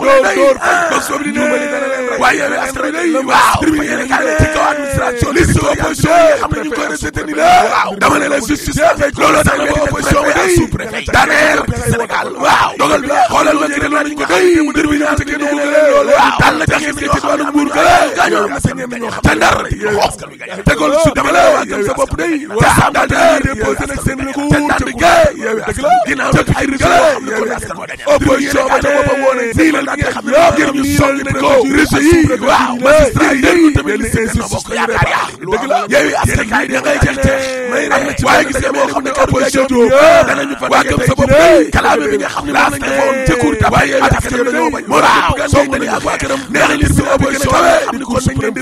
dóor dóor fañ ko sóob di tuubali dana leen waaye yéen askan bi waaw tribune yéen kaay ci kaw administration liste opposition yi xam ne ñu ko rejeté ni waaw dama ne la justice looloo tax général sous-préfet Daneer Sénégal waaw dogal bi xoolal ma ci nañ ko day mu dërbi ñaata kenn ko gëlé loolu dal la jaxé ci ci wàllu nguur gëlé gañoo ma seen ñen ñoo xam te ndar xoof ka tegol su dama la waagal sa bopp day wa dal di déposé nak seen recours te ndar ga yow dëgg la ginaaw ci ay résultat xam ko askan ko dañu opposition ba ta boppam woné ni la nga xam yo ngir ñu sokki ne ko réseau yi waaw magistrat yi dañu tamit li seen su bokk yaakaar ya dëgg la yow askan ga ngay jeex jeex may na waaye gis nga moo xam ne opposition dana nañu fa waa gëm sa bopp kalaame bi nga xam ne laa defoon jëkkuur ta waaye askan bi dañoo bañ moo tax song nañu ak waa këram nee nañ li si opposition bi ñu ko suprimé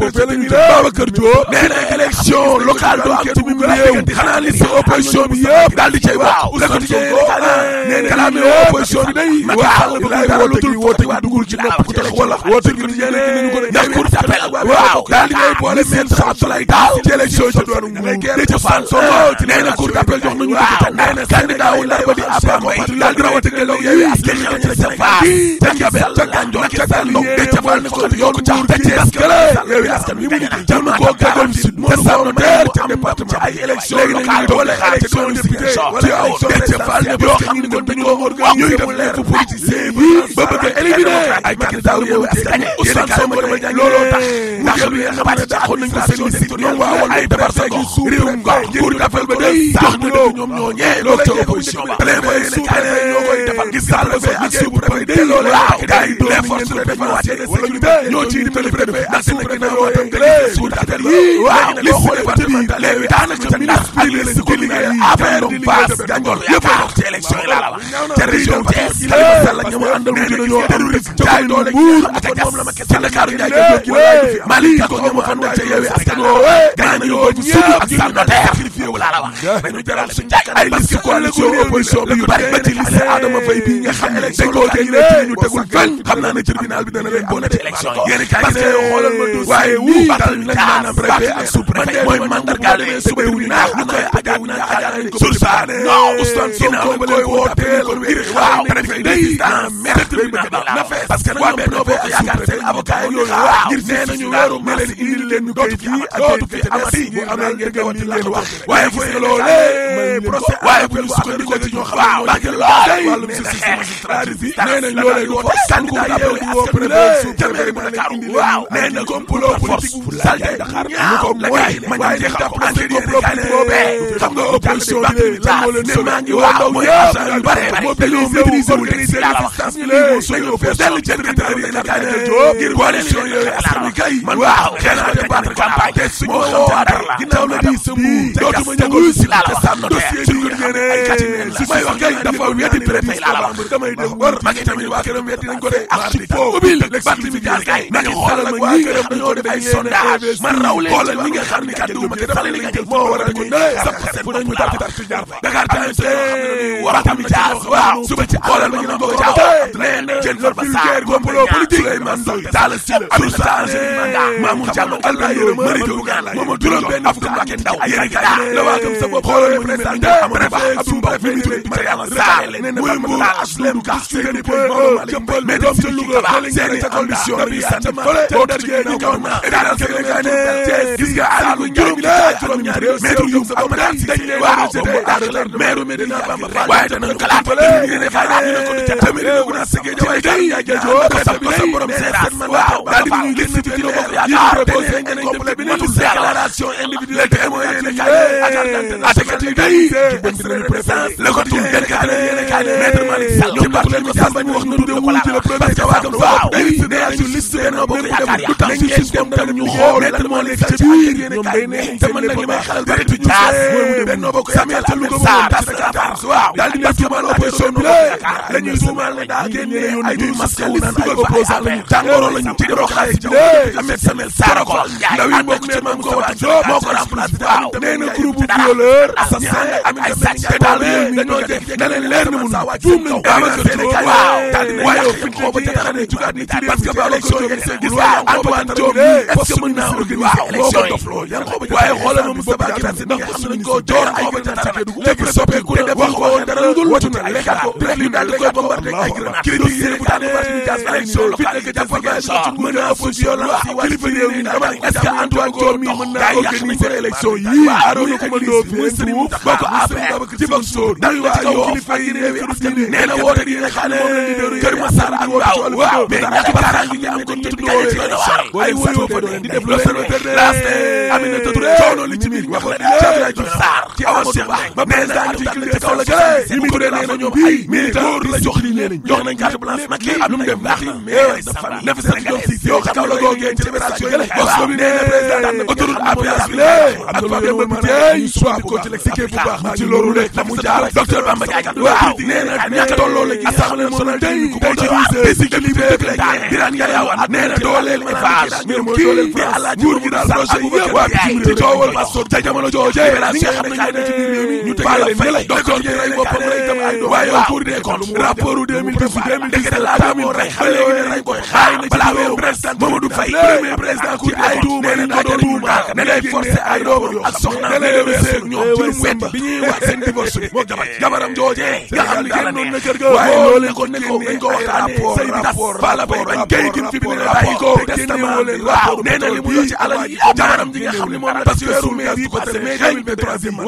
Babacar Diop nee na élection locale du am ci mim réew xanaa li si opposition bi yëpp daal di cay waaw Ousmane Sonko nee na kalaame opposition bi day waaw laay wolutul woote gi dugul ci nopp ku tax wala woote gi ñu yéene ñu ko de ndax ku appel waaw daal di ngay boole seen sa Abdoulaye Tall ci élection ci doon mu de ca fan Sonko ci nee na cour d'appel jox nañu ko ca nee na candidat wu ndar ba di Abba Mbaye daal di rawate gelo yow yaa ci xew ci sa fa ca jabel ca ganjo ca tan nok de ca fan ko yokku ca te ci parce que yow yaa ci mu ko gagol sud parlementaire ci département ci ay élection locale wala élection député wala ay Déthié Fall yoo xam ne dañu ko organiser ñuy def leefu politicien bi ba bëgg a éliminer ay candidat yow ci gagné Ousmane Sonko dama jàng looloo tax ndax bi nga xamante ne taxoon nañ ko seen liste ñoom waa wala ay département réew ngor pour dafal ba day tax na dëgg ñoom ñoo ñee loolu ca opposition ba plein ba yéene kaay ne ñoo koy defal gis daal préfet ak sous-préfet day loolu waaw gars yi les forces de défense et de sécurité ñoo ciy dimbali préfet ak sous-préfet yoo tam li xoole liggéey a la wax ca région Thiès Khalifa Sall ñama àndal mu gën a ñoo terroriste jaay ak ca Dakar Ndiaye Diop Mali ko ñama ca yeewi askan réew laa la wax dañu jaraaf su njaay ay liste coalition opposition bi yu bari ba ci liste Adama Faye bii nga xam ne tegoo tey ne ñu tegul fenn xam naa ne tribunal bi dana leen boole ci élection yi yéen kaay parce que xoolal ma dossier waaye wuu batal nag maanaam préfet ak sous préfet mooy mandargaal ne suba wu naax ñu koy ajaat naan ajaat nañ ko sur ça non Ousmane Sonko ba leen wooteel ngir waaw préfet day en merde tribunal bi na fee parce que nag waa Benno Bokk Yaakaar seen avocat yi loolu waaw ngir nee nañu weeru ma leen indil leen ñu koy fii ak dootu fi amati bu amee ngeen wax waaye gis nga loolee eh, procès waaye bu ñu sukkandikoo ci ñoo xam waaw bàgge lool wàllum justice eh, magistrat bi nee nañ loolee du ko candidat yeewu woo premier sous premier bu Dakar waaw nee na complot politique bu salte Dakar ñu ko mooy man di xam enquête complot politique boobee xam nga opposition bi léegi lan moo leen solo waa ndaw ñëpp yu bare moom dañoo maîtriser wul rek seen résistance bi léegi solo fo dell jël candidat bi la kaay de joo ngir coalition yooyu askan wi kay man waaw xeex ba débattre campagne te suñu xam dara la ginnaaw na di sa mbuur dootu ma ñëw wuyu si laa la wax dossier bi nee na may wax kay dafa weddi préfet laa la wax damay def war Macky tamit waa këram weddi nañ ko de ak si foo ubbil Barthélémy Dias kay Macky xoolal ma ñi nga xam dañoo def ay sondage man raw leen xoolal ñi nga xam ni kat duma kër fale lañ jël moo war a ko ne sapp bu nañu tarti tarti jaar fa Dakar Times Barthélémy Dias waaw suba ci xoolal ma ñu ko jaaw nee na jël ba sa complot politique Souleymane Ndoye Talla Sylla Abdou Sangé Mamour Diallo Allah yërëm Mary Teuw Niane moom juróom benn fukk ak ndaw yéen kay la waa gëm sa bopp xoolal ma président ak Abdoulaye Fane Touré bi Mariama Sarr nee na Baba Tall Astou Ka seen pël jëmbal mais dem ca Louga fële seen i condition bi sant fële boo dajee ni kaw na daal Sénégal ne gis nga Aliou juróom la juróom ñaar mètre yu am na dañ leen waaw boobu daal la maire Medina Bamba Fall waaye dana xalaat fële ñu ne faa ñu ne ko ca tamit dina ko na sëggee jawaay day jaajëf ko sa borom seetaan man Fall liste bi dina bokk yaakaar proposé ngeen complet bi matul déclaration individuelle te mooy yéene kaay atekat yi day jubbanti nañu préférence la ko tul déclaré yéene kaay maître Malick Sall ci parti bi Sall bañ wax na du dem wuti le premier ca waagam waaw nee su liste benn bokk yaakaar lu tax su système tam ñu xool maître moo nekk ca biir yéene kaay te man nag li may xelal bari tu jaas Benno Bokk Yaakaar ca Louga moom tas rapport waaw daal di ne tuumaal opposition bi la ñuy tuumaal ne daal génne ay duy masque wu naan ay opposant lañu jàngoro lañu ci doro la Ahmed Samel Sarr ko ndaw yi bokk ci maam ko wat Diop moo ko remplacé waaw nee na groupe violeur assassin ay sàcc te daal réew mi ñoo da leen leer na mun juum nañu dama ko Sénégal waaw waaye fi ko ba ci parce que ba élection yi lor ay grenade Kédougou léegi soppeeku na wax ko woon dara lu dul watu na lekkat ko bref ñu daal di koy bombardé ay grenade critique yéene bu tànn Barthélémy Dias élection locale fi nekk information ci mën a fonction la kilifa réew mi dama est-ce que Antoine Diome mi mën naa organiser élection yii aaroona ko mën doo ministre yi mu bokk APR ci bokk sóor dal na ci kaw kilifa yi réew yi askan bi nee na woote di ne xale Kër Massar ak waaw waaw mais ñàkk baraa gi nga am kon tudd woo leen ay wóyoo fa doon di def l'observateur laas Aminata Touré coono li ci biir wax la Sarr wax ci Amadou Ba mais article de kaw la jëlee ñu mu tuddee nee na ñoom ay militaire la jox li nee nañ jox nañ carte blanche nag lii am lu mu dem ndax mais dafa nafi sa jox si yow ci kaw la googee ci libération yële wax soo bi nee na ah, président autoroute à péage bi lé ak Pape Demba Bitèye soit bu ko ci lexique bu baax ma ci loolu le la mu jaar docteur Bamba Diaye kat waaw nee na ñàkk tolloo la assemblée nationale tey ku ko jox décision li bi dëgg la Birane Ngaye Wade nee na dooleel élevage mais mooy dooleel France nguur gi daal projet yi waa bi ci coowal Pastor ca jamono joojee ni nga xam ne kaay na ci biir réew mi ñu tëjee leen ne la docteur Gueye rey boppam rey tam ay doom waaye yow Cour des comptes rapport 2010 2017 la moom rey ba léegi ne rey koy xaay na ci réew président Mamadou Faye premier président Cour ay tuuma ne ko doon tuuma ne lay forcé ay doom ak soxna ne lay wéy seen ñoom ci lu mu wet bi ñuy wax seen divorce bi moo jabar jabaram joojee nga xam ne kenn noonu na kër ga waaye loolu ko ne ko dañ ko waxtaane say bi tas bala bay bañ kayitim fi bi ne bàyyi ko testament bi waaw nee na li mu yor ci alal yi jabaram ji nga xam ne moom la tas weeru mai bi ko tase mai 2023